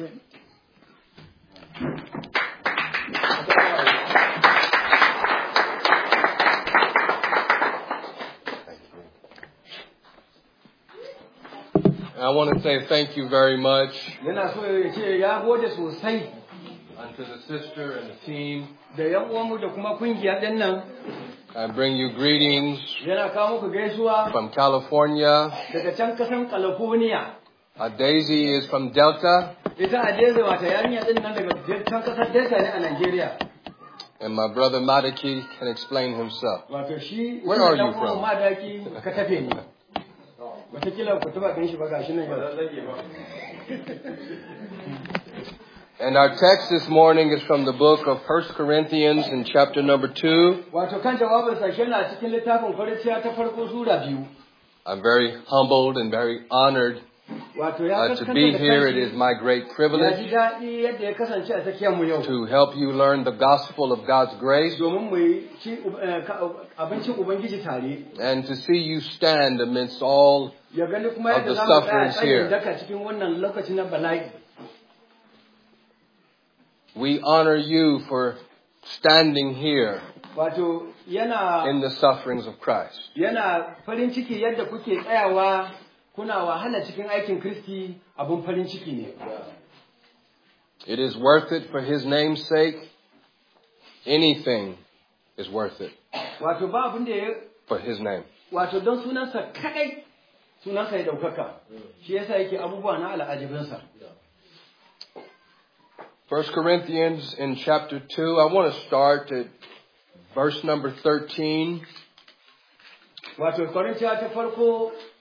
I want to say thank you very much Unto the sister and the team. I bring you greetings from California. Uh, Daisy is from Delta. And my brother Madaki can explain himself. Where are you from? And our text this morning is from the book of 1 Corinthians in chapter number 2. I'm very humbled and very honored uh, to be here, it is my great privilege to help you learn the gospel of God's grace eh, and to see you stand amidst all of the sufferings here. We honor you for standing here in the sufferings of Christ kuna wahala cikin aikin Kristi farin ciki ne. It is worth it for his name's sake. Anything is worth it. Wato ba abin da for his name. Wato don sunansa kadai sunansa ya daukaka. Shi yasa yake abubuwa na al'ajibinsa. 1 Corinthians in chapter 2, I want to start at verse number 13. Corinthians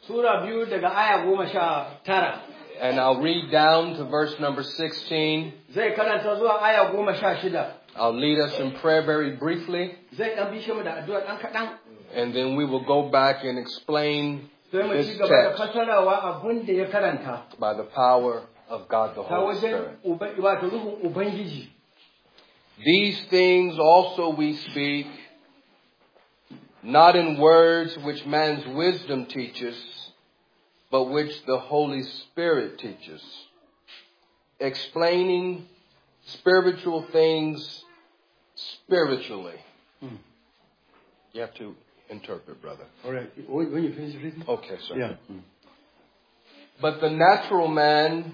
Sura biyu daga aya goma sha tara. And I'll read down to verse number 16. Zai karanta zuwa aya goma sha shida. I'll lead us in prayer very briefly. Zai ɗan bishe mu da addu'a ɗan kaɗan. And then we will go back and explain this text by the power of God the Holy Spirit. These things also we speak, not in words which man's wisdom teaches but which the Holy Spirit teaches, explaining spiritual things spiritually. Hmm. You have to interpret, brother. All right. When you finish reading. Okay, sir. Yeah. Hmm. But the natural man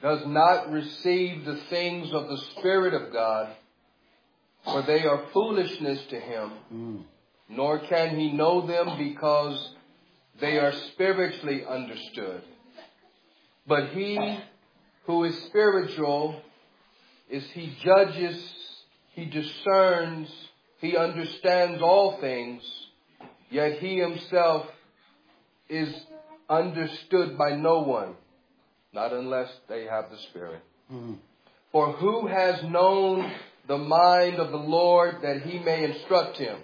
does not receive the things of the Spirit of God, for they are foolishness to him, mm. nor can he know them because they are spiritually understood. But he who is spiritual is he judges, he discerns, he understands all things, yet he himself is understood by no one, not unless they have the Spirit. Mm-hmm. For who has known the mind of the Lord that he may instruct him?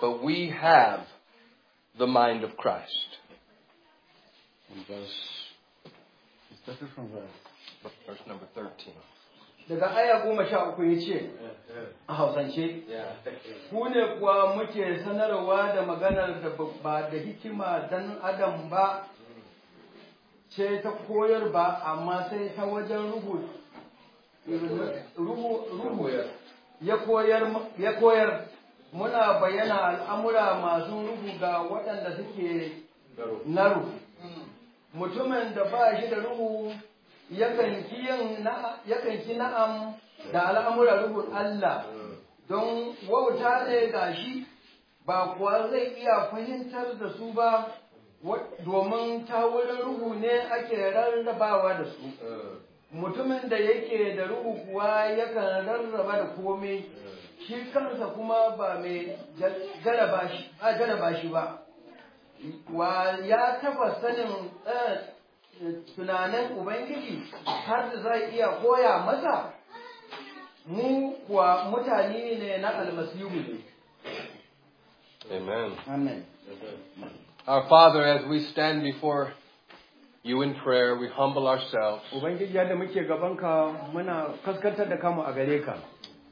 But we have the mind of Christ. verse, is from verse? Verse number 13. daga aya goma sha uku ya ce a hausance ku ne kuwa muke sanarwa da maganar da ba da hikima dan adam ba ce ta koyar ba amma sai ta wajen rubuta, ya koyar muna bayyana al'amura masu ruhu ga waɗanda suke na Mutumin da ba shi da ruhu yakan ki na'am da al'amura ruhun Allah don wauta ne ga shi ba kuwa zai iya fahimtar da su ba domin ta wurin ruhu ne ake rarrabawa da su. Eh. Mutumin da yake da ruhu kuwa yakan rarraba da komai. Eh. shi kansa kuma ba mai shi ba wa ya taba sanin eh, tunanin ubangiji har da zai iya koya masa mu kuwa mutane ne na almasihu ne Amen. Amen. Our Father, as we stand before you in prayer, we humble ourselves.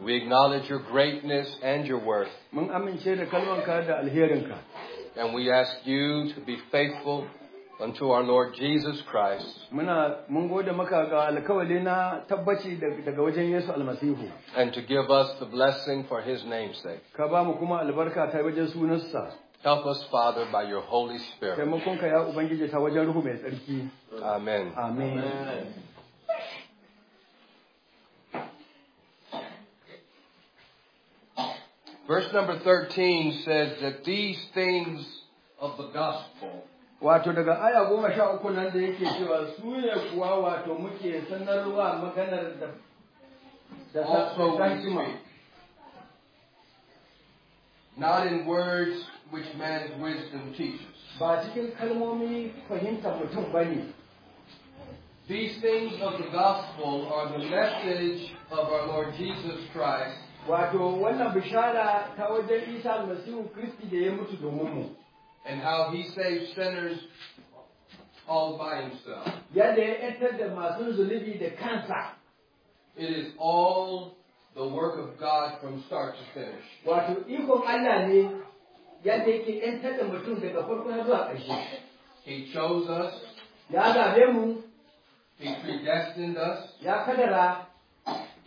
We acknowledge your greatness and your worth. And we ask you to be faithful unto our Lord Jesus Christ. And to give us the blessing for his namesake. Help us, Father, by your Holy Spirit. Amen. Amen. Amen. Verse number 13 says that these things of the gospel wato daga aya goma sha uku nan da yake cewa su ne kuwa wato muke sanarwa maganar da da not in words which man's wisdom teaches ba cikin kalmomi mutum these things of the gospel are the message of our Lord Jesus Christ wato wannan bishara ta wajen Isa Almasihu Kristi da ya mutu domin mu. And how he saves sinners all by himself. Yadda ya ƴantar da masu zunubi da kansa. It is all the work of God from start to finish. Wato ikon Allah ne yadda yake ƴantar da mutum daga farko har zuwa ƙarshe. He chose us. Ya zabe mu. He predestined us. Ya kadara.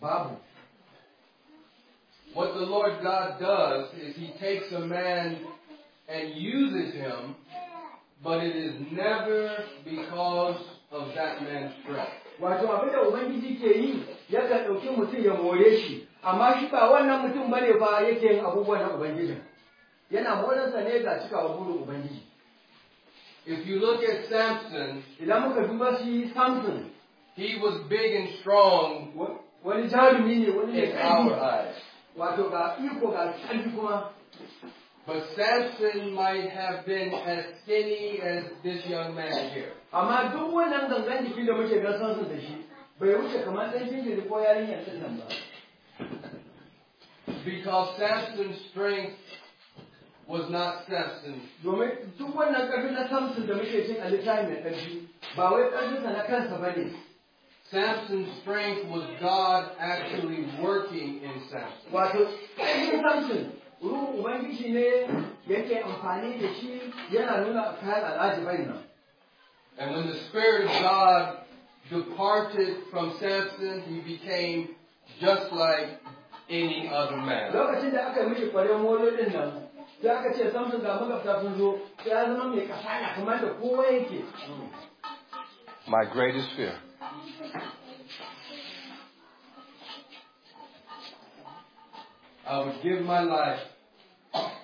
Bible. What the Lord God does is He takes a man and uses him, but it is never because of that man's strength. Wato If you look at Samson, idan Samson, he was big and strong. What? walijali nini in our eyes. wato ga iko ga sani kuma But Samson might have been as skinny as this young man here. Amma duk wannan gangan jikin da muke ga Samson da shi bai wuce kamar ɗan jinjiri ko yarinyar ɗin nan ba. Because Samson's strength was not Samson. Domin duk wannan ƙarfin na Samson da muke cin a littafin mai ƙarfi ba wai ƙarfinsa na kansa ba ne. Samson's strength was God actually working in Samson. And when the Spirit of God departed from Samson, he became just like any other man. My greatest fear. I would give my life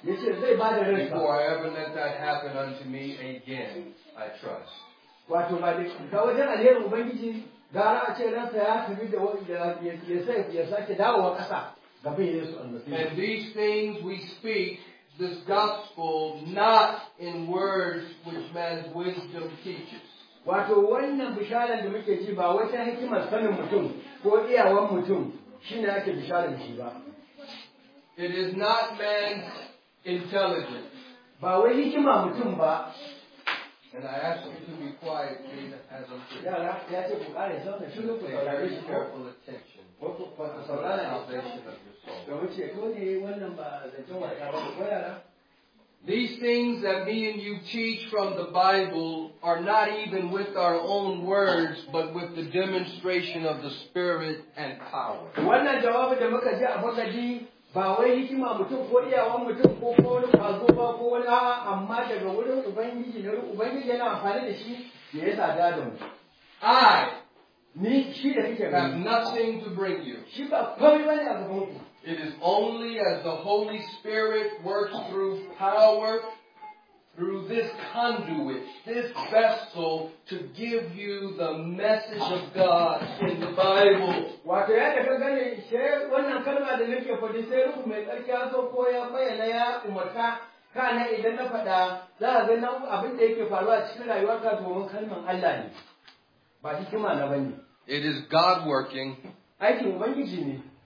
before I ever let that happen unto me again, I trust. And these things we speak this gospel not in words which man's wisdom teaches. wato wannan bishara da muke ji ba wata hikimar sanin mutum ko iyawan mutum shine ake bisharar shi ba it is not man's intelligence ba wai hikima mutum ba And I ask you to be quiet, please, as I'm Yeah, speaking. Very careful attention to the salvation of your soul. These things that me and you teach from the Bible are not even with our own words, but with the demonstration of the Spirit and power. I have nothing to bring you. It is only as the Holy Spirit works through power, through this conduit, this vessel, to give you the message of God in the Bible. It is God working.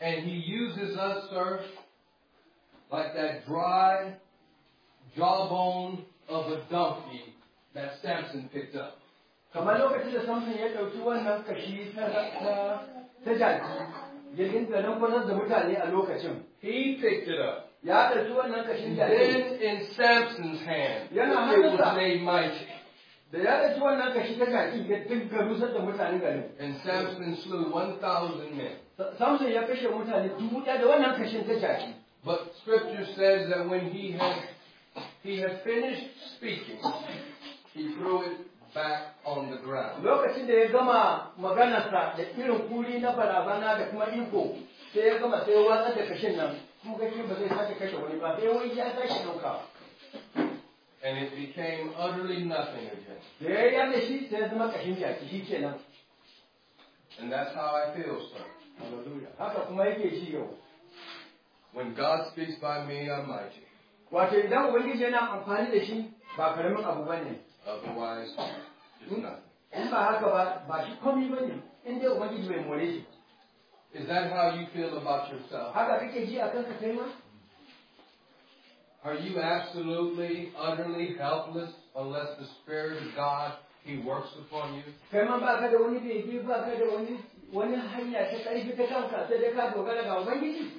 And he uses us, sir, like that dry jawbone of a donkey that Samson picked up. kamar lokacin da Samson ya ɗauki wannan kashi ta jaki He picked it up. Ya ɗauki wannan kashin jaki. Then in Samson's hand, it was made mighty. Da ya ɗauki wannan kashi ta jaki ya get rusar da And Samson slew 1,000 men. But scripture says that when he had he had finished speaking, he threw it back on the ground. Lokacin da ya And it became utterly nothing again. And that's how I feel, sir. Hallelujah. When God speaks by me, I'm mighty. Wato idan Ubangiji yana amfani da shi ba karamin abu ba ne. Otherwise, it's hmm? In ba haka ba, ba shi komi ba ne, in dai Ubangiji bai more shi. Is that how you feel about yourself? Haka kake ji a kanka kai ma? Are you absolutely, utterly helpless unless the Spirit of God, He works upon you? wani hanya ta ƙarfi ta kanka sai dai ka dogara ga Ubangiji?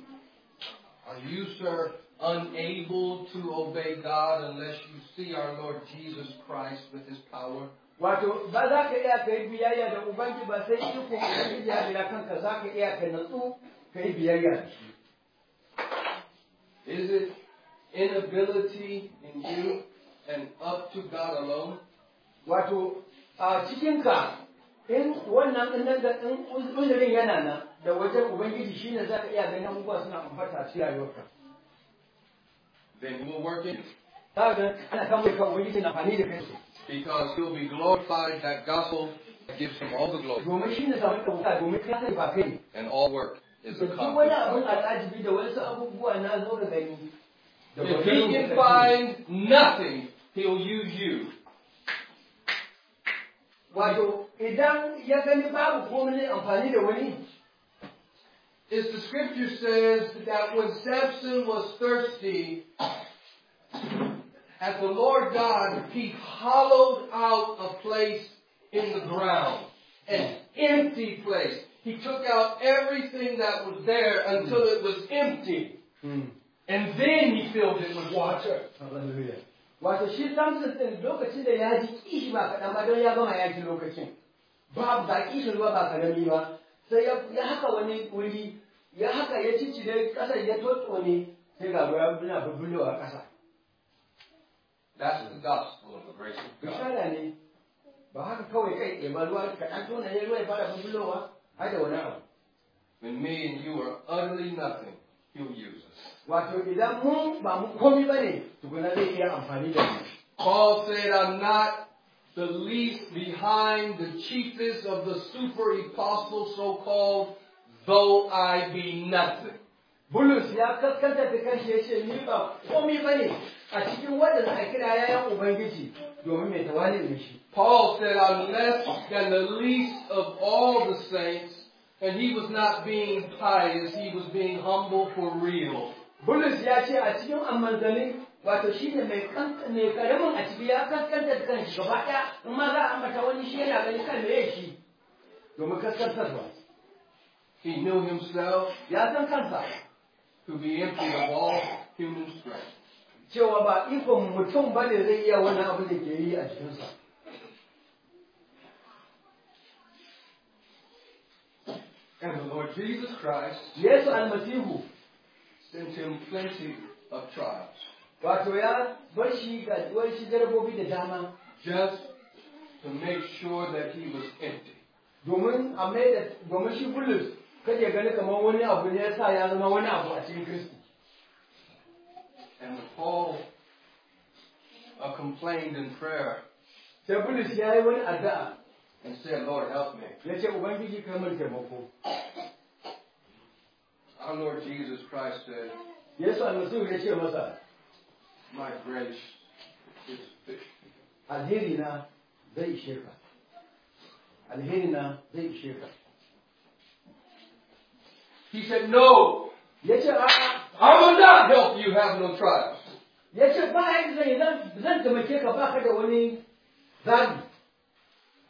Are you, sir, unable to obey God unless you see our Lord Jesus Christ with His power? Wato, ba za ka iya biyayya da Ubangi ba sai Ubangiji ya bira kanka za ka iya natsu biyayya. Is it inability in you and up to God alone? Wato, a cikinka in wannan din nan da in uzurin yana nan da wajen ubangiji shine iya ganin abubuwa suna a then you will work in Because you'll be glorified that gospel gives him all the glory. And all work is accomplished. If he can find nothing, he'll use you Wato, idan ya gani babu komai amfani da wani. Is the scripture says that when Samson was thirsty, as the Lord God, he hollowed out a place in the ground, an empty place. He took out everything that was there until mm. it was empty. Mm. And then he filled it with water. Hallelujah. wato shi lamsin ɗin lokacin da ya ji kishi ba kaɗan ba don ya gama ji lokacin ba ba kishin ruwa ba karami ba sai ya haka wani wuri ya haka ya da ƙasar ya ne sai ga ruwa yana bubbulowa ƙasa That's the gospel of the grace of God. Bishara ne, ba haka kawai kai ɗaya ba ruwa kaɗan tona ne ruwa ya fara bubbulowa, haɗa wani abu. When me and you are utterly nothing, use us. Paul said, I'm not the least behind the chiefest of the super apostles, so called, though I be nothing. Bulus ya kaskanta da kanshi ya ce, Ni ba a cikin a kira Ubangiji domin mai tawali shi. Paul said, I'm less than the least of all the saints, And he was not being pious, he was being humble for real. Bulus ya ce a cikin amanzani wato shi ne mai karamin a ciki ya kaskanta da in ma za a ambata wani shi yana gani kan me shi domin He knew himself, ya san kansa, to be empty of all human strength. Cewa ba ikon mutum ba ne zai iya wani abin da ke yi a jikinsa. And the Lord Jesus Christ Yesu almasihu sent him plenty of trials. Wato ya bar shi ga wani jarabobi da dama. Just to make sure that he was empty. Domin a mai da domin shi Bulus kada ya gani kamar wani abu ne ya sa ya zama wani abu a cikin Kristi. And Paul uh, complained in prayer. Sai Bulus ya yi wani addu'a and said, Lord, help me. come into my wokół. Our Lord Jesus Christ said, it." alizungumzia masa. My grace is sufficient. Alheri na zai ishe ka. Alheri na zai ishe ka. He said, No. Yace I will not help you have no trials. Yace ba zan zan zan taimake ka baka da wani zabi.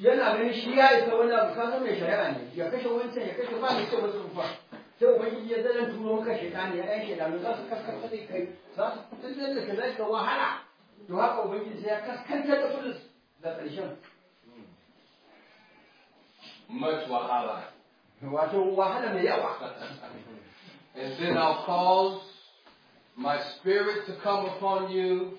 yana ganin shi ya isa wani abu ka zama mai shari'a ne ya kashe wancan ya kashe ba ne ce wasu rufa sai ubangiji ya zan turo maka shaitani ya ɗan shaitani za su kaskanta da kai za su fitar da kai za ka wahala to haka ubangiji sai ya kaskanta da su da ƙarshen much wahala wato wahala mai yawa and then I'll cause my spirit to come upon you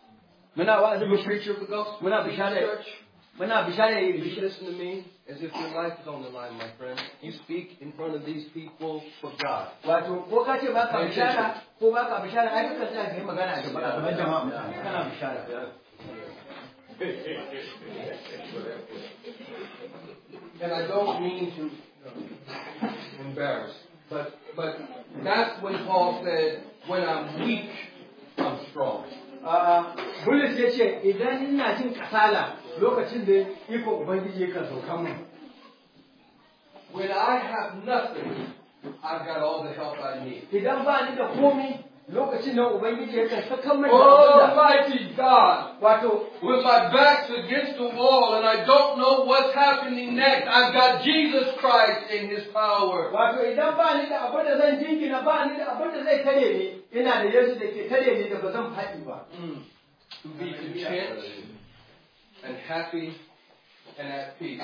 We're not like the you a preacher of the gospel. We're not beside it. We're not beside it. You should listen to me as if your life is on the line, my friend. You speak in front of these people for God. And I don't mean to embarrass, but but that's when Paul said, "When I'm weak, I'm strong." Bulus ya ce, idan ina jin kasala lokacin da Ubangiji When I have nothing, I've got all the help I need. Idan ba ni da komi, lokacin almighty god wato with my back against the wall and i don't know what's happening next i've got jesus christ in his power wato hmm. to be content and happy and at peace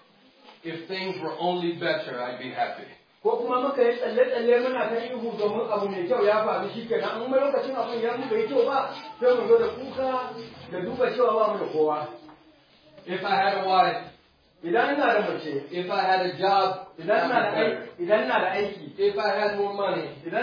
If things were only better, I'd be happy. if i had a wife if i had a job if i had more money if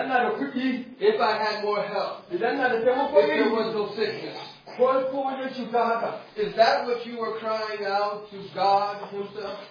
i had more help if there was no sickness what ko wani cuta haka is that what you were crying out to god himself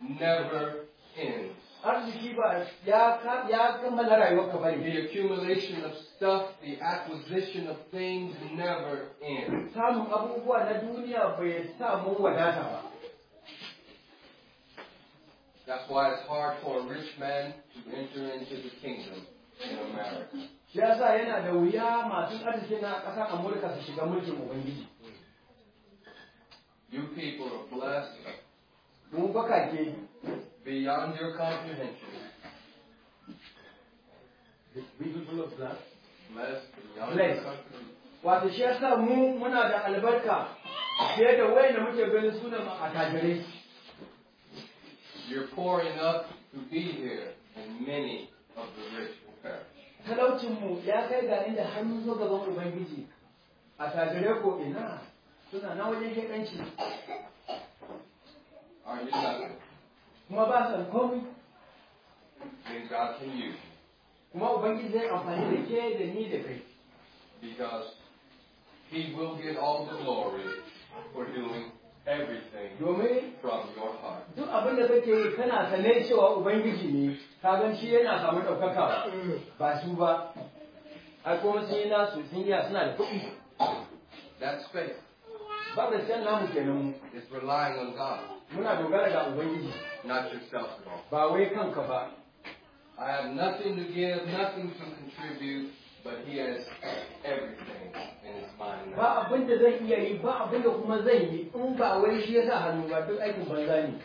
never ends. The accumulation of stuff, the acquisition of things never ends. That's why it's hard for a rich man to enter into the kingdom in America. you people are blessed mu bakake beyond your comprehension the beautiful of blood bless wato shi yasa mu muna da albarka fiye da wayanda muke ganin sunan attajire you're poor enough to be here and many of the rich will perish talaucinmu ya kai ga inda hannu zo gaban ubangiji attajire ko ina suna na wajen keɓanci kuma ba san komai then God can use kuma ubangiji zai amfani da ke da ni da kai because he will get all the glory for doing everything from your heart duk abin da kake yi kana cewa ubangiji ne ka gan shi yana ɗaukaka ba su ba ai kuma sun yi nasu sun yi suna da kuɗi that's faith it's relying on God, not yourself at all. I have nothing to give, nothing to contribute, but He has everything in His mind. Ba abin da zan iya yi, ba abin da kuma zan yi, in ba wai shi ya sa hannu ba duk aikin banza ne.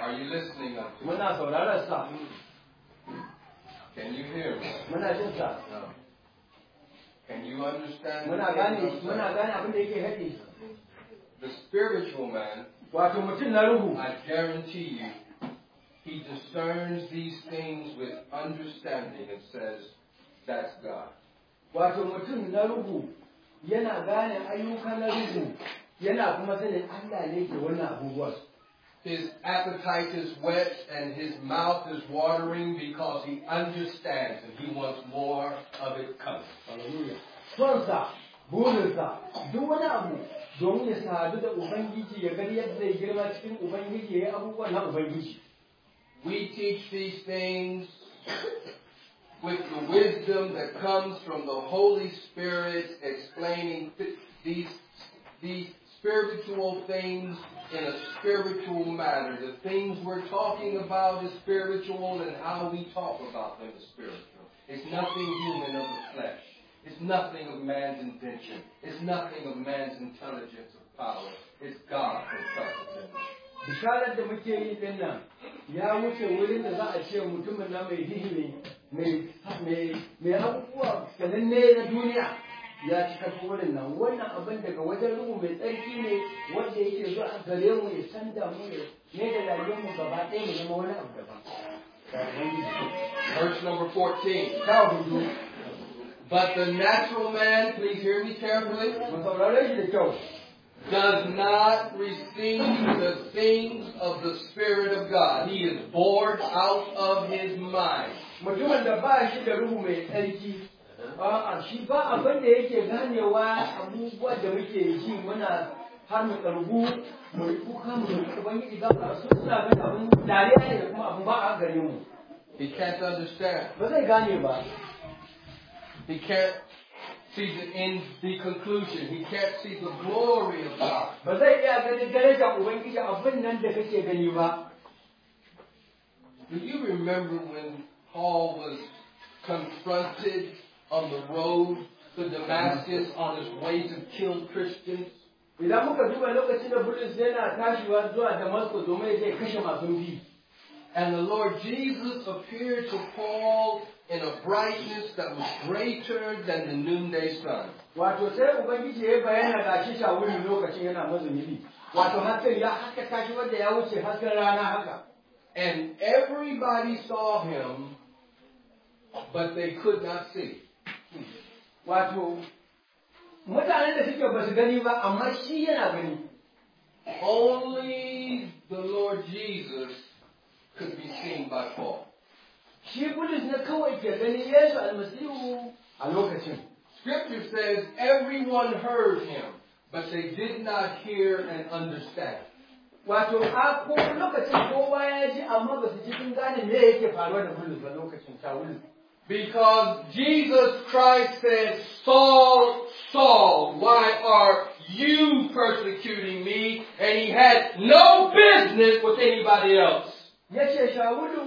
Are you listening up Muna sauraron sa. Can you hear me? Muna jin sa. No. Can you understand? Muna gane muna gane The spiritual man. Wato I guarantee you, he discerns these things with understanding and says, "That's God." Wato mutum na ruhu yana gane ayyuka na ruhu yana kuma sanin Allah ne ke wannan abubuwan. His appetite is wet and his mouth is watering because he understands and he wants more of it coming. Hallelujah. We teach these things with the wisdom that comes from the Holy Spirit explaining these, these spiritual things in a spiritual manner. The things we're talking about is spiritual, and how we talk about them is spiritual. It's nothing human of the flesh. It's nothing of man's invention. It's nothing of man's intelligence or power. It's God Himself. da muke yi din nan ya wuce wurin da za a ce mutumin mai hihimi mai abubuwa na duniya ya cika wannan abin daga wajen ruhu mai tsarki ne wanda yake zuwa gare mu ya ne da rayuwar mu gaba ɗaya mu zama wani abu daban Verse number 14. But the natural man, please hear me carefully, does not receive the things of the Spirit of God. He is bored out of his mind shi ba abin da yake ganewa da muke ji muna har mu karbu mu kuka mu suna ga abin dariya ne kuma abin ba a gare mu. He can't understand. Ba zai gane ba. He can't see the end, the conclusion. He can't see the glory of God. Ba zai iya ganin ubangiji abin nan da kake gani ba. Do you remember when Paul was confronted on the road to Damascus on his way to kill Christians. Idan muka duba lokacin da Bulus yana tashiwa zuwa Damascus domin ya je kashe masu bi. And the Lord Jesus appeared to Paul in a brightness that was greater than the noonday sun. Wato sai Ubangiji ya bayyana ga shi lokacin yana Wato hasken ya haka tashi wanda ya wuce hasken rana haka. And everybody saw him, but they could not see wato mutanen da suke ba su gani ba amma shi yana gani only the lord jesus could be seen by paul shi bulus na kawai ke gani yesu almasihu a lokacin scripture says everyone heard him but they did not hear and understand wato a ko lokacin kowa ya ji amma ba su ji gane me yake faruwa da bulus ba lokacin shawulu because Jesus Christ said, Saul, Saul, why are you persecuting me? And he had no business with anybody else. That's election.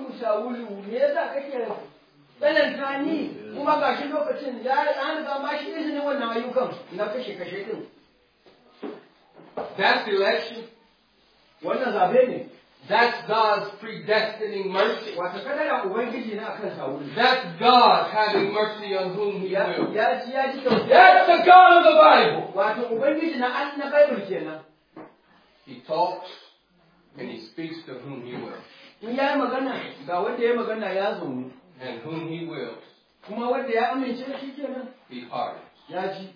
does that mean? That's God's predestining mercy. That's God having mercy on whom He will. That's the God of the Bible. He talks and He speaks to whom He will. And whom He wills. He hardens.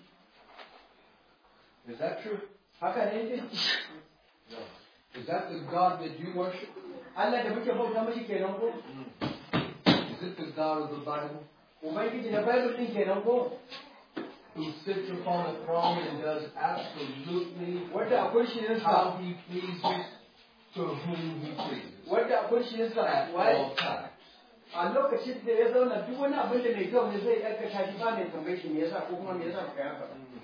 Is that true? No. Is that the God that you worship? Allah da muke bauta mashi kenan ko? Is it the God of the Bible? Ubangiji na Bible din kenan ko? Who sits upon the throne and does absolutely wanda question is how he pleases to whom he pleases. Wanda that kurshinsa all time. a lokacin da ne shi ko ka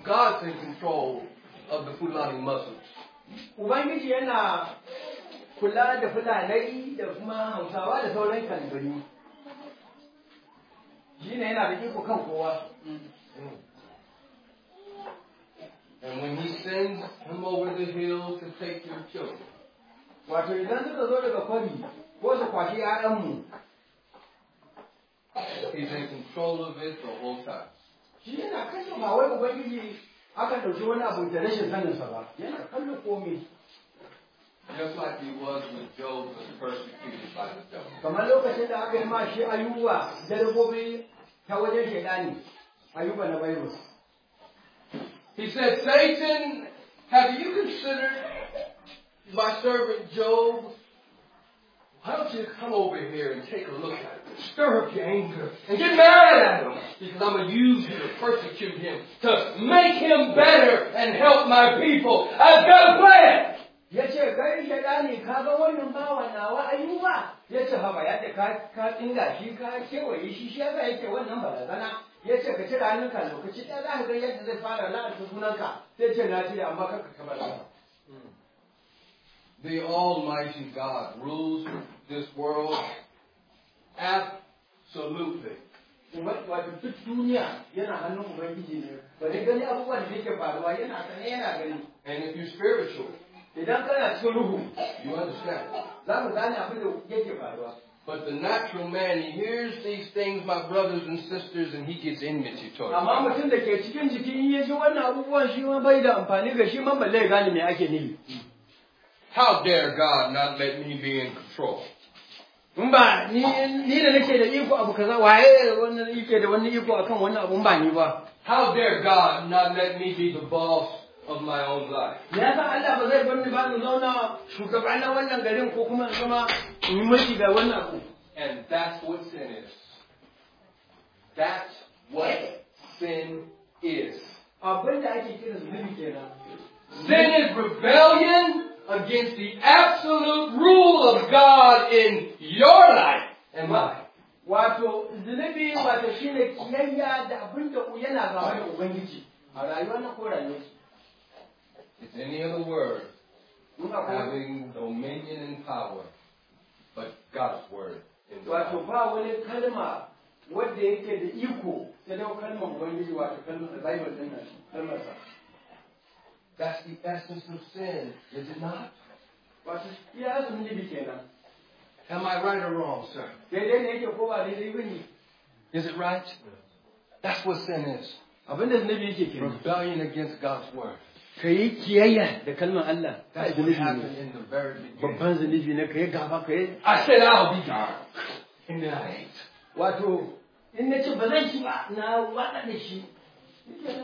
God's in control of the Fulani Muslims. Ubangiji yana kula da fulanai da kuma hausawa da sauran Shi ne yana da iko kan kowa. And when he sends him over the hill to take your children. Wato idan suka zo daga kwari ko su kwashi ‘ya'yanmu. He's in control of it the whole time. Shi yana kashe ba wai Ubangiji wani abu da rashin ba yana komai Just like he was when Job was persecuted by the devil. Kamar lokacin da aka yi ma shi ayuba dabbobi ta wajen shaidani ayuba na He said, Satan, have you considered my servant Job why don't you come over here and take a look at him? Stir up your anger and get mad at him because I'm going to use you to persecute him, to make him better and help my people. I've got a plan. yace the Almighty God rules this world absolutely. And if you spiritual, you understand. But the natural man, he hears these things, my brothers and sisters, and he gets enmity towards them. How dare God not let me be in control? ba ba how dare god not let me be the boss of my own life and that's what sin is that's what sin is sin is rebellion against the absolute rule of God in your life and mine. Wato, zunubi wato shi ne kiyayya da abin da yana gaba da Ubangiji a rayuwar na It's any other word having dominion and power, but God's word. Wato ba wani kalma wadda yake da iko, sai dai kalmar Ubangiji wato kalmar Bible nan, kalmar sa. That's the essence of sin, is it not? Was ist die Am I right or wrong, sir? Is it right? That's what sin is. Rebellion against God's word. That is what happened in the very beginning. I said I'll be dark. And then I ate. Wato, in na ce ba zan are ba, na waɗa da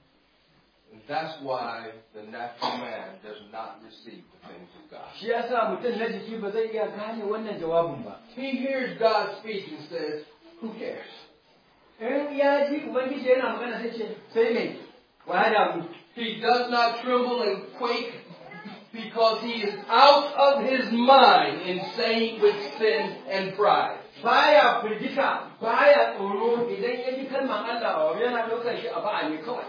And that's why the natural man does not receive the things of God. He hears God speak and says, who cares? In ya I'm going to sai ce, sai me? Wahala He does not tremble and quake because he is out of his mind insane with sin and pride. Baya firgita, baya tsoro idan ya ji kalmar Allah yana ɗaukar shi a ne kawai.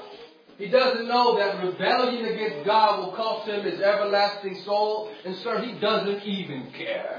He doesn't know that rebellion against God will cost him his everlasting soul, and sir, he doesn't even care.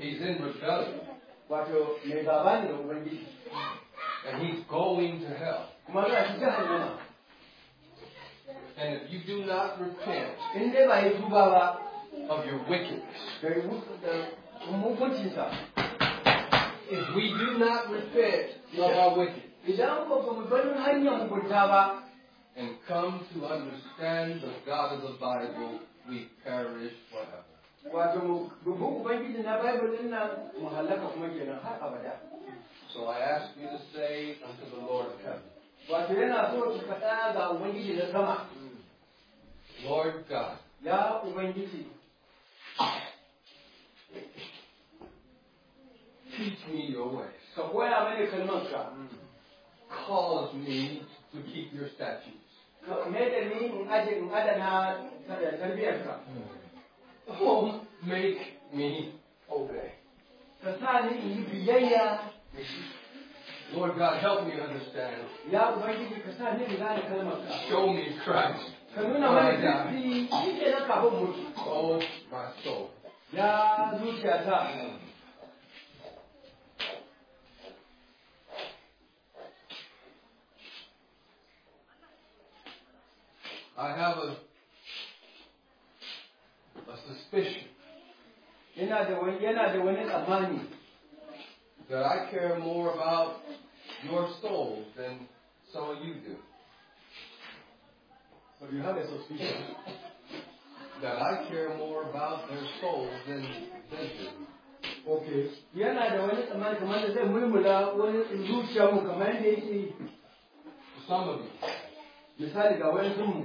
He's in rebellion. Kwacho ni babani na ubangiji. And he's going to hell. And if you do not repent of your wickedness, if we do not repent of our wickedness, and come to understand the God of the Bible, we perish forever wato ubangiji na bible nan kuma kenan har abada so i ask you to say unto the lord of heaven wato yana so ki faɗa ga ubangiji na sama mm. lord god ya ubangiji teach me your I ka koya mani kalmanka mm. cause me to keep your statutes ka mai da ni in adana Oh, make me obey. Lord God, help me understand. Show me Christ. Oh, my soul. I have a suspicion. Yana da wani yana da wani tsammani. That I care more about your soul than some of you do. So you have a suspicion that I care more about their souls than they do. Okay. Yana da wani tsammani kamar da zai mulmula wani zuciya mu kamar yadda yake. Some of you. Misali ga wani mu.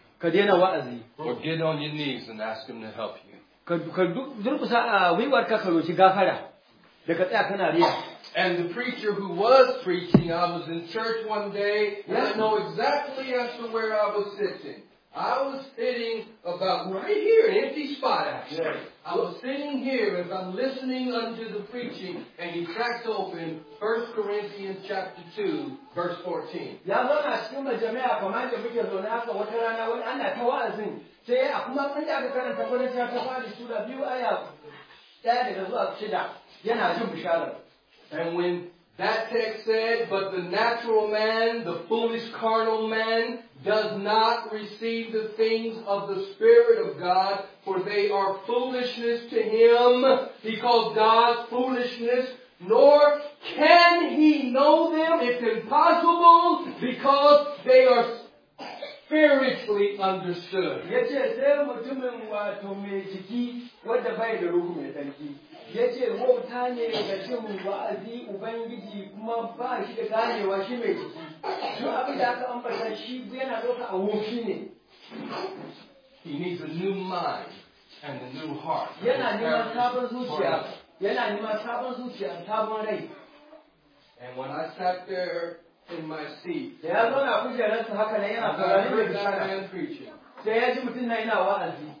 ka daina wa'azi or get on your knees and ask him to help you ka durkusa a ah, gwiwarka ka roki gafara da ka tsaya kana riya And the preacher who was preaching, I was in church one day, and I know exactly as to where I was sitting. I was sitting about right here, an empty spot actually. Yes. I was sitting here as I'm listening unto the preaching, and he cracks open 1 Corinthians chapter 2, verse 14. And when that text said, but the natural man, the foolish carnal man, does not receive the things of the Spirit of God, for they are foolishness to him, because God's foolishness, nor can he know them. It's impossible, because they are spiritually understood wauta ne ga wa'azi ubangiji kuma ba shi da ganewa shi mai jiki abin da aka ambata shi yana ɗauka a ne He needs a new mind and a new heart. Yana neman sabon zuciya, yana neman sabon zuciya, sabon rai. And when I sat there in my seat, da ya zauna kujerarsa haka nan yana da bishara. Sai ya ji mutum na yana wa'azi.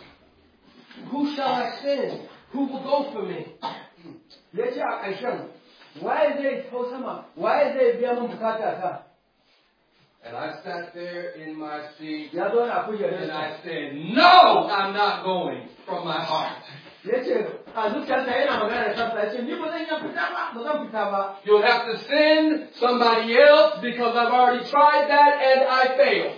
Who shall I send? Who will go for me? Yace a ƙarshen, waye zai hau sama, waye zai biya min And I sat there in my seat and I said, No, I'm not going from my heart. You'll have to send somebody else because I've already tried that and I failed.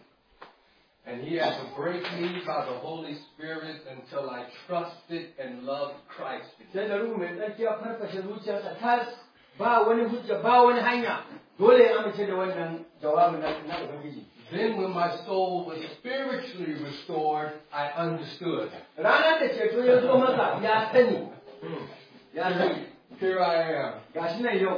And he had to break me by the Holy Spirit until I trusted and loved Christ. Then, when my soul was spiritually restored, I understood. Hmm. Here I am.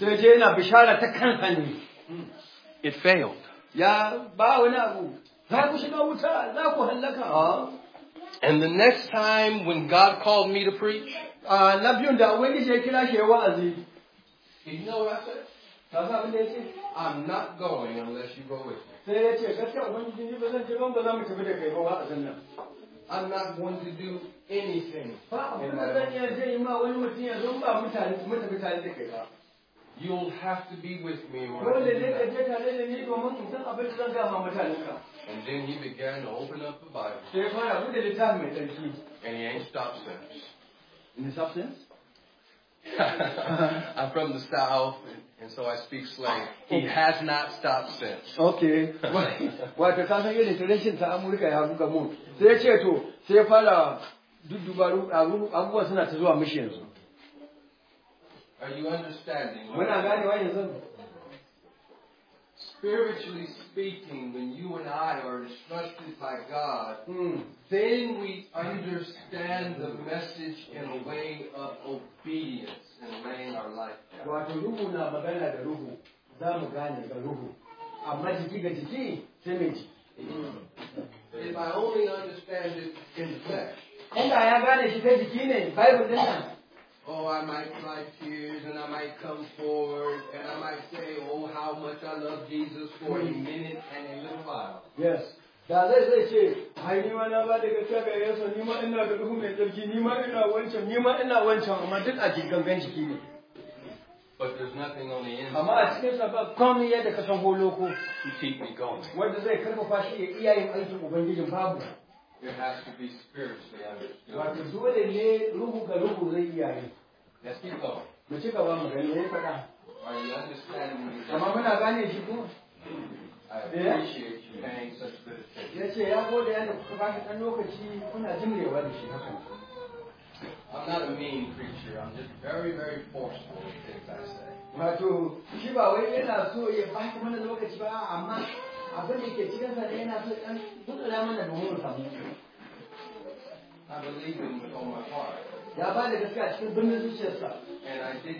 it failed and the next time when God called me to preach na you know what I said I'm not going unless you go with me. I'm not going to do anything. You'll have to be with me. And then he began to open up the Bible. And he ain't stopped since. In the substance? I'm from the South, and so I speak slang. He has not stopped since. Okay. Wato ka san irin tradition ta Amurka ya ruga mu. Sai ya ce to, sai ya fara dudduba abubuwa suna ta zuwa mishi yanzu. Are you understanding? Muna gane wani yanzu. Spiritually speaking, when you and I are instructed by God, mm. then we understand the message in a way of obedience and laying our life down. Hmm. If I only understand it in the flesh. and I gane shi ta jiki ne, Bible din nan oh, I might cry tears and I might come forward and I might say, oh, how much I love Jesus for a minute and a little while. Yes. Da zai zai ce, ai ni ma na ba daga taga Yesu, ni ma ina da duhu mai tsarki, ni ma ina wancan, ni ma ina wancan, amma duk a gangan jiki ne. But there's nothing on the inside. Amma a cikin sa ba komai yadda ka san holoko. To keep me going. Wanda zai karfafa shi ya iya yin aikin Ubangijin babu. It has to be spiritually understood. Let's keep going. Eh, Are you understanding me? I eh? appreciate you paying such good attention. I'm not a mean preacher. I'm just very, very forceful with things I say abin I believe in with all my heart. Ya And I didn't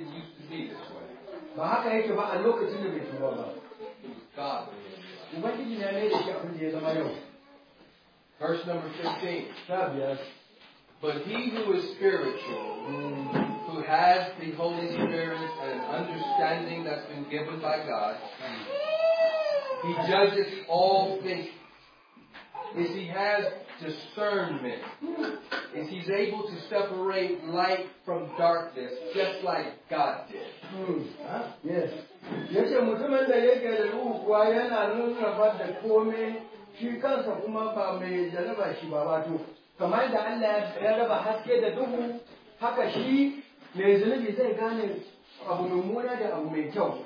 to be this way. Ba God. Verse number 15. Yes. But he who is spiritual, who has the Holy Spirit and an understanding that's been given by God, he judges all things. Is he has discernment? Is he's able to separate light from darkness, just like God did? Huh? Hmm. Ah, yes. kamar da Allah ya raba haske da duhu haka shi mai zunubi zai gane abu mummuna da abu mai kyau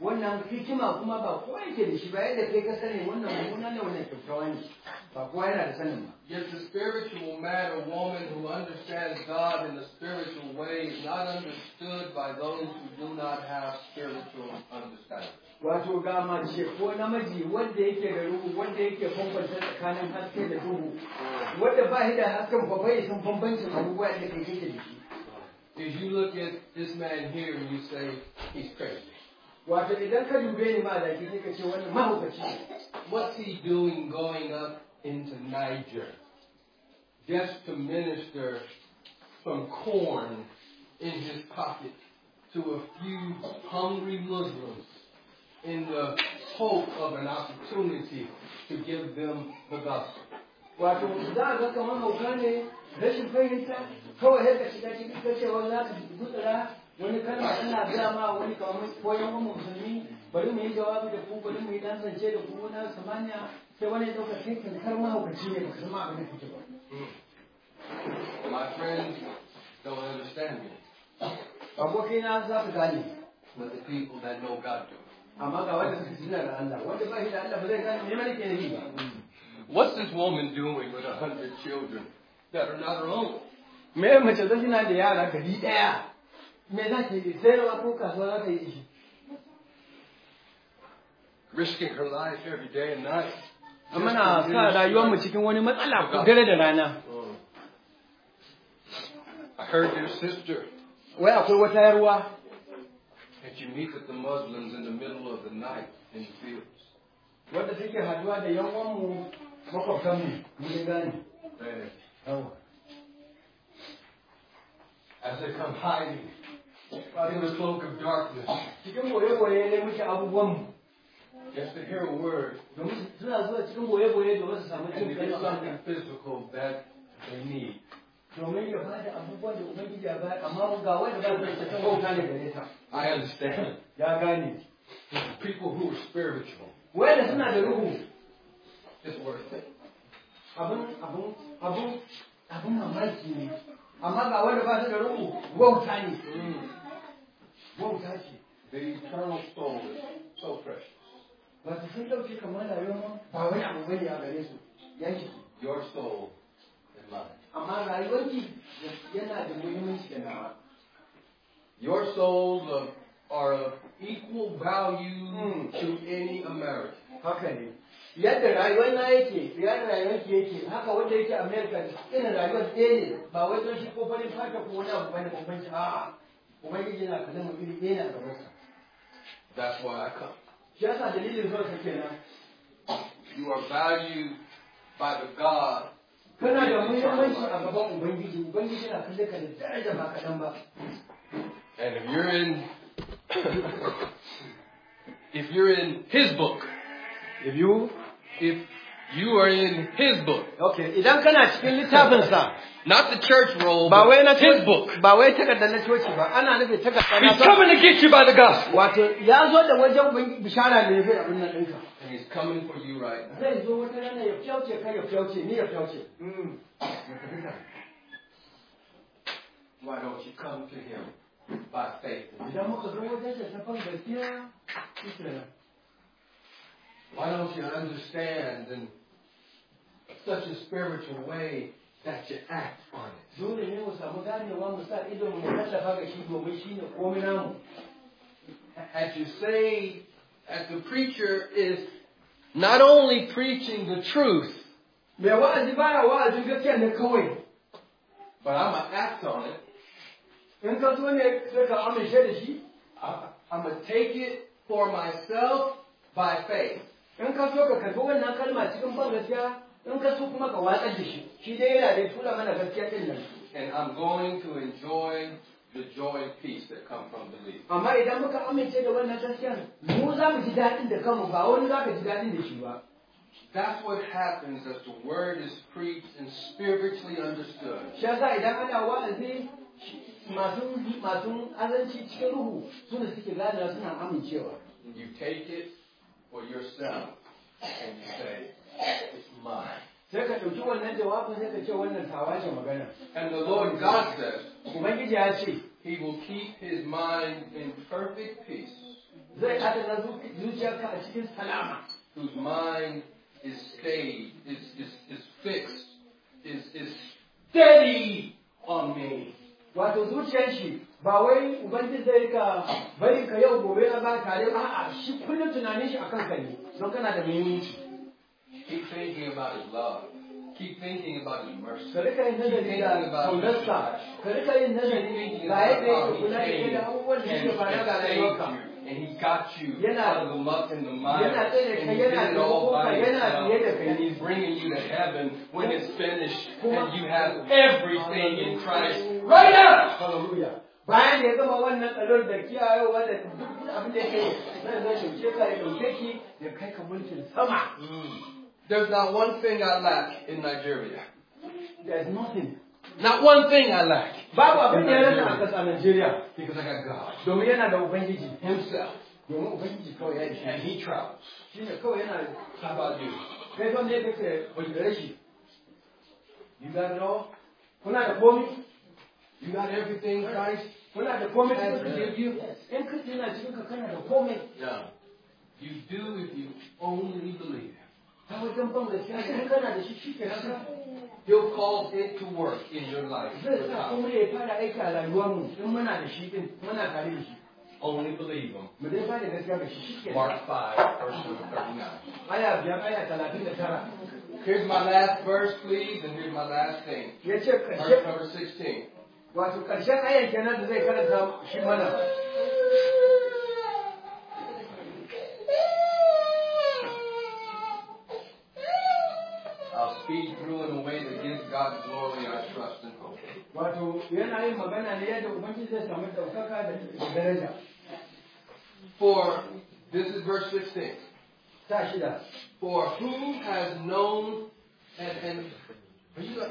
Wannan hikima kuma ba kowa yake da shi ba yadda kai ka sani wannan mummuna ne wannan ne ba kowa yana da sanin ba. Yet the spiritual man or woman who understands God in the spiritual way is not understood by those who do not have spiritual understanding. Wato ga ko namiji wanda yake da ruhu wanda yake bambanta tsakanin haske da duhu wanda ba shi da hasken ba bai san bambancin abubuwa da da shi is you look at this man here and you say, he's crazy. Wato idan ka dube ni ma da ki ka ce wannan mahaukaci What's he doing going up into Niger just to minister some corn in his pocket to a few hungry Muslims in the hope of an opportunity to give them the gospel? wato za ga kamar hauka ne rashin fahimta kawai yadda shiga cikin kacewa za ka gutsura wani kana ana gaya ma wani kamar koyon wani musulmi bari mu yi jawabi da ku bari mu yi dan zance da ku na samaniya sai wani ya dauka sai kankar mahaukaci ne ba su ma abin da kuke ba. Hmm. My friends don't understand me. Abokina za ku gane. But the people that know God do. Amma ga wanda suke suna da Allah wanda ba shi da Allah ba zai gane me mana ke nufi ba. What's this woman doing with a hundred children that are not her own? Me mace tana da yara gari ɗaya. Me za ta yi sayarwa ko kasuwa za ta yi? Risking her life every day and night. Muna sa rayuwarmu cikin wani matsala dare da rana. Oh. I heard your sister. Well, Wai akwai wata yarwa. That you meet with the Muslims in the middle of the night in the fields. Wadda take young one move? makwabtanmu mun gane yawa as they come hiding in the cloak of darkness. Cikin boye-boye ne muke Just to hear a word. And suna zuwa something physical that they need. I understand. People who are spiritual. Wanda suna da is worth it. Abun, abun, abun, abun mamaki ne. Amma ba wanda ba su da rubu wauta ne. The eternal soul is so precious. But the sun ɗauke kamar rayuwar ba wani abu bane a Your soul and mine. Your souls are, of equal value hmm. to any American. can you? yadda rayuwar na yake rayuwar ki yake haka wanda yake america rayuwar ɗaya ne ba wai don shi ko farin ko wani abu bane yana mu iri ɗaya na sa that's why i come shi yasa dalilin zuwa sa kenan you are valued by the god kana da muhimmanci a gaban ubangiji ubangiji yana ka da daraja ba kaɗan ba and if you're in if you're in his book if you if you are in his book. Okay, idan kana cikin littafinsa. Not the church role, ba wai na his book. Ba wai takardar na church ba, ana nufin takardar na. He's coming to get you by the gospel. Wato ya zo da wajen bishara ne zai abin nan ɗinka. And he's coming for you right. Zai zo wata rana ya fyauce kai ya ni ya hmm. Why don't you come to him by faith? Idan muka zo wajen ta gaskiya, why don't you understand in such a spiritual way that you act on it? As you say, as the preacher is not only preaching the truth, but I'm going to act on it. I'm going to take it for myself by faith in ka so ka karbi wannan kalma cikin ban gaskiya in ka so kuma ka watsar da shi shi dai yana tura mana gaskiya din nan and i'm going to enjoy the joy and peace that come from belief amma idan muka amince da wannan gaskiyar mu za mu ji dadin da kanmu ba wani za ka ji dadin da shi ba That's what happens as the word is preached and spiritually understood. Shi idan ana wa'azi masu masu azanci cikin ruhu suna suke gane suna amincewa. You take it for yourself and you say, It's mine. And the Lord God says, He will keep his mind in perfect peace. Zai Whose mind is stayed, is, is, is fixed, is, is steady on me. Wato zuciyar shi ba wai ubangiji zai ka bari ka yau gobe na ba kare ba a shi kullum tunanin shi akan ka ne don kana da muhimmanci keep thinking about his love keep thinking about his mercy ka rika yin nazari da kaunarsa ka rika yin nazari ga yadda kula da abubuwan da yake ga rayuwarka And he got you yana, out of the muck and the mire, and he did it all by himself, and he's bringing you to heaven when it's finished, and you have everything in Christ right now. Hallelujah bayan da ya gama wannan tsaron da da duk abin da zai shauke ka ya dauke ki ya kai ka mulkin sama There's not one thing I lack in Nigeria. There's nothing. Not one thing I lack. Babu abin da ya rasa a ƙasa Nigeria. Because I got God. Domin yana da Ubangiji. Himself. Domin Ubangiji kawai ya ce. And he travels. Shi ne kawai yana about you. Kai son ne kake bujire shi. You got it all? Kuna da komi? You got everything, Christ. Kuna da komai da to give you. And you not yana cikin ka kana da komai. Yeah. You do if you only believe. Ta wajen He'll cause it to work in your life. Zai sa kuma ya fara aiki a rayuwarmu in muna da Only believe him. Mark 5 verse 39. Aya biyar I 39. Here's my last verse, please, and here's my last thing. Verse number 16 wato ƙarshen kenan da zai karanta shi mana Speak through in a way that gives God glory, trust and hope. For this is verse 16. For who has known and, and are you like,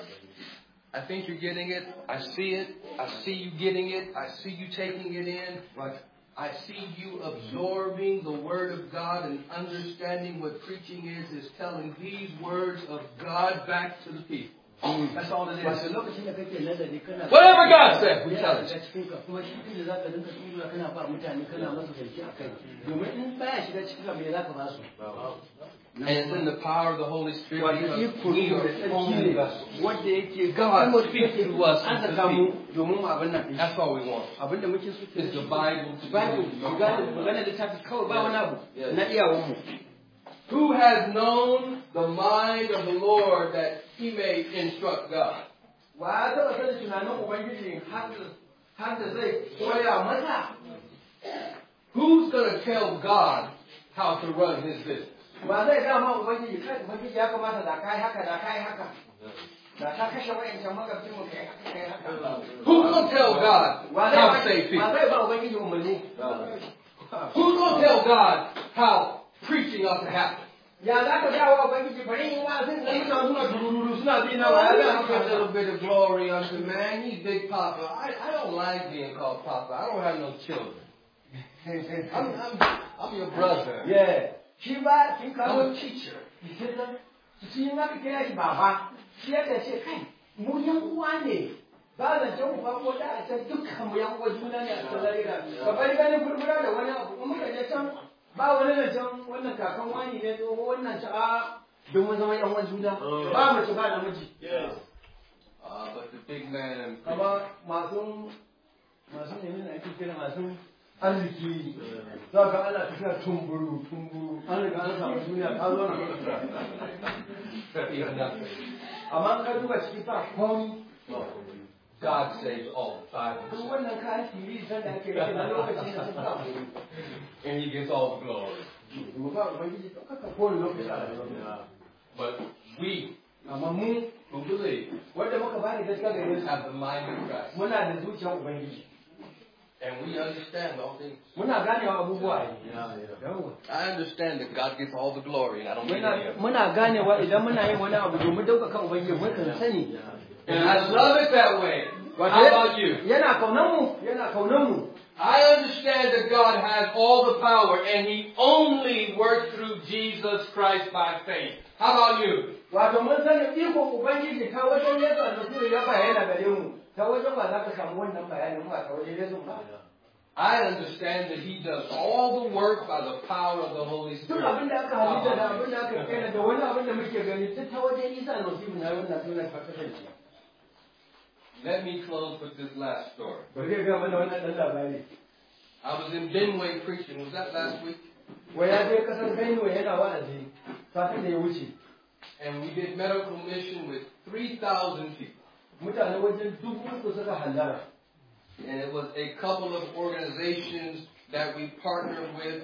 I think you're getting it. I see it. I see you getting it. I see you taking it in. Like, I see you absorbing the Word of God and understanding what preaching is, is telling these words of God back to the people. Mm. That's all it is. Whatever God says, we tell it. And it's in the power of the Holy Spirit because we are only vessels. God speaks to us That's all we want. It's the Bible. The Bible. Yes. Who has known the mind of the Lord that he may instruct God? Who's going to tell God how to run his business? Who's gonna tell god how safe he tell god how preaching ought to happen ya that's what I a little bit of glory unto man he's big papa I, I don't like being called papa I don't have no children I'm, I'm, I'm your brother yeah shi ba sun kawo bisirin su yi maka kira shi baba shi yadda ce kai mu yan uwa ne ba zancen uba ko da a can dukkan mu yan uwa juna ne a cikin larira ka bari ganin furfura da wani abu kuma ka je can ba wani can wannan kakan wani ne tsoho wannan ci a domin zama yan uwa juna ba mu ci ba namiji kama masu masu ne ake kira masu ana tumburu tumburu an riga an samu duniya ta zo na amma ka duba God saves all five. and he gets all the glory. But we who believe have the mind of Christ. And we understand all things. Yeah, yeah. I understand that God gets all the glory, and I don't get it. Muna ganewa And I love it that way. How about you? Yana kaunar mu, yana kaunar mu. I understand that God has all the power and He only works through Jesus Christ by faith. How about you? I understand that he does all the work by the power of the Holy Spirit. Let me close with this last story. I was in Benway preaching. Was that last week? And we did medical mission with 3,000 people mutane wajen dubu uku suka hallara and it was a couple of organizations that we partnered with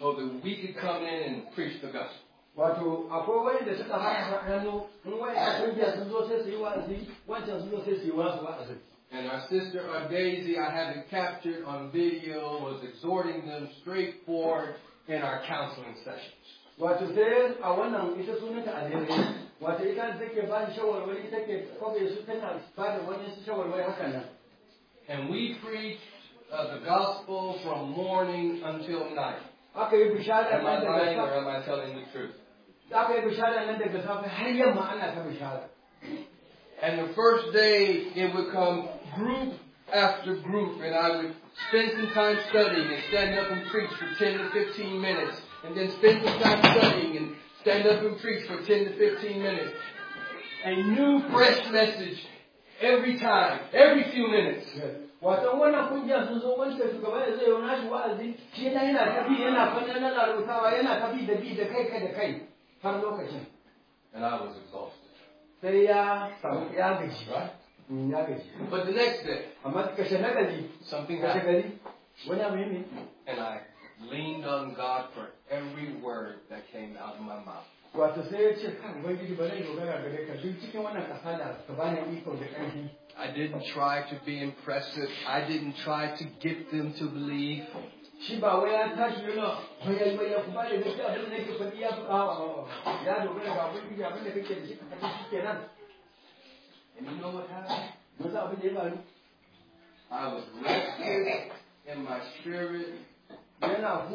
so that we could come in and preach the gospel. Wato akwai suka haɗa hannu in wani a kungiya sun zo sai su yi wa'azi wancan sun zo sai su yi wa'azi. And our sister Daisy, I have it captured on video, was exhorting them straightforward in our counseling sessions wato ita da take ba ni shawarwari take kwabe su tana ba da wani shawarwari haka nan and we preach uh, the gospel from morning until night aka yi bishara am I lying or am I telling the truth aka yi bishara nan daga safe har yamma ana ta bishara and the first day it would come group after group and I would spend some time studying and stand up and preach for 10 to 15 minutes and then spend some time studying and stand up and preach for 10 to 15 minutes. A new, fresh message every time, every few minutes. And I was exhausted. But the next day. Something happened. And I leaned on God for every word that came out of my mouth. I didn't try to be impressive. I didn't try to get them to believe. And you know what happened? I was rescued in my spirit then the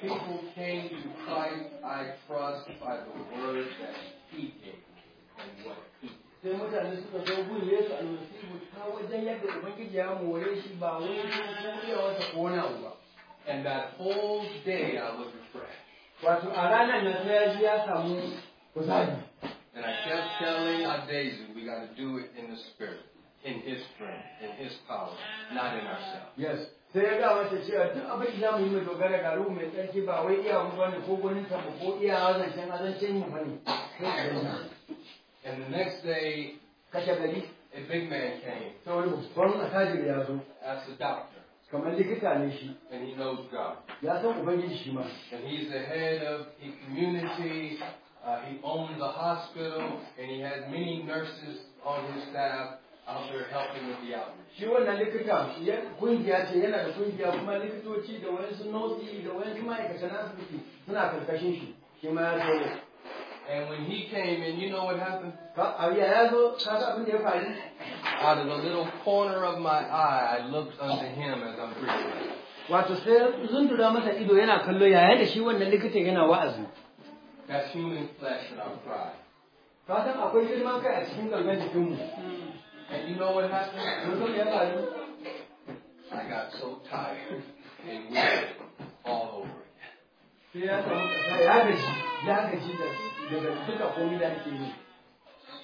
people came to Christ, I trust, by the word that he gave and what he did. that whole day I was refreshed. Wato And I kept telling our days we got to do it in the spirit in His strength, in His power, not in ourselves. Yes. sai ya cewa duk abin da mu yi dogara ga ruhu mai tsarki ba wai iya mu bane ko ta ko iya mu bane and the next day kashe gari a big man came So wani babban attajiri ya zo as a doctor kamar likita ne shi and he knows God ya san ubangiji shi ma and he's the head of a community uh, he owned the hospital and he had many nurses on his staff after helping with the outreach. And when he came in, you know what happened? Oh, Out of the little corner of my eye, I looked unto him as I'm preaching. Wato sai say? masa ido yana kallo yayin da shi wannan likitan yana wa'azi. That's human flesh and our pride. Ka akwai girman kai a cikin galban jikinmu. Hmm. And you know what happened? No sabía nadie. I got so tired and weak all over again.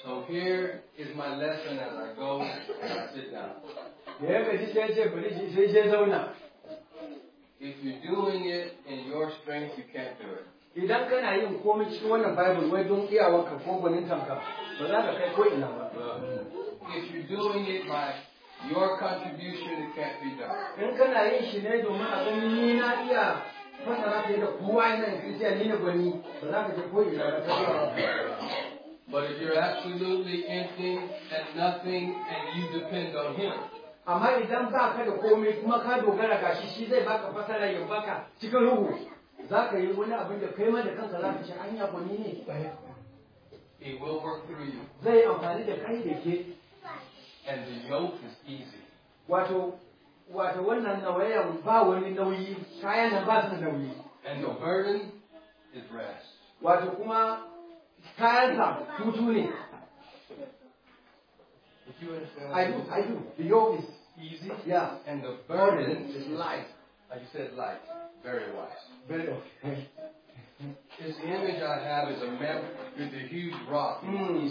So here is my lesson as I go and I sit down. If you're doing it in your strength, you can't do it. idan kana yin komai cikin wannan Bible wai don iyawarka ko gwanintanka ba za ka kai ko ina ba if you're doing it by your contribution, it can't be done. But if you're absolutely empty and nothing and you depend on Him, it will work through you and the yoke is easy. Wato wato wannan nawayan ba wani nauyi, kayan nan ba su da nauyi. And the burden is rest. Wato kuma kayansa hutu ne. If you understand. I do, I do. The yoke is easy. Yeah. And the burden is light. Like you said, light. Very wise. Very okay. His image I have is a map with a huge rock. Mm.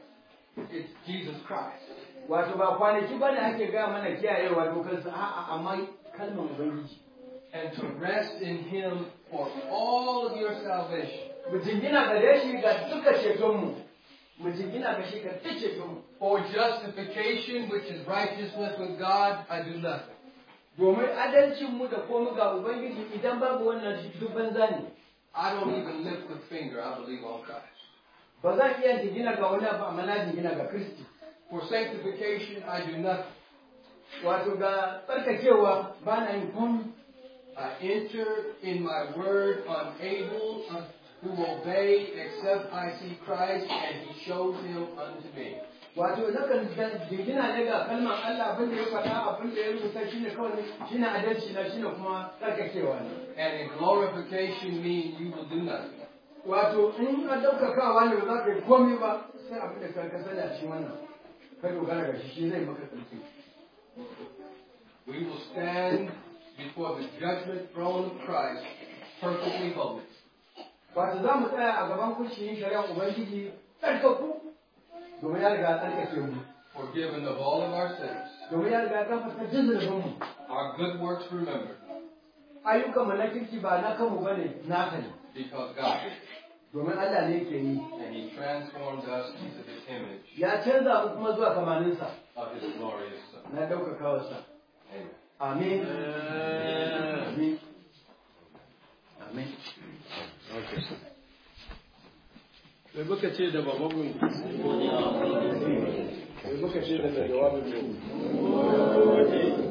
It's Jesus Christ. Wato ba kwanaki ba da ake gaya mana kiyayewa dokarsa a'a amma kalmar Ubangiji. And to rest in Him for all of your salvation. Mu jingina gare shi ga duka cetonmu. Mu jingina ga shi ga duk cetonmu. For justification, which is righteousness with God, I do nothing. Domin adalcinmu da komu ga Ubangiji idan babu wannan duk banza ne. I don't even lift a finger, I believe on Christ. For sanctification I do nothing. I enter in my word unable to obey except I see Christ and he shows him unto me. Wato nakan jingina ne ga kalmar Allah abin da ya faɗa abin da ya rubuta shine kawai shine adalci na shine kuma tsarkakewa ne. And in glorification mean you will do nothing wato in ne za ka yi komai ba sai wannan shi shi zai maka we will stand before the judgment throne of Christ perfectly holy wato za mu tsaya a gaban shari'ar ubangiji tsarkaku domin ya riga tsarkake mu forgiven of all of our sins domin ya riga tsarkake mu our good works remembered ayyukan mu na kirki ba na kanmu bane naka ne because God. Allah And he transformed us into his image. Of his glorious son. Na Amen. Amen. Amen. Amen. Okay. Me muka ce da babanmu? Me muka ce daga jawabin mu?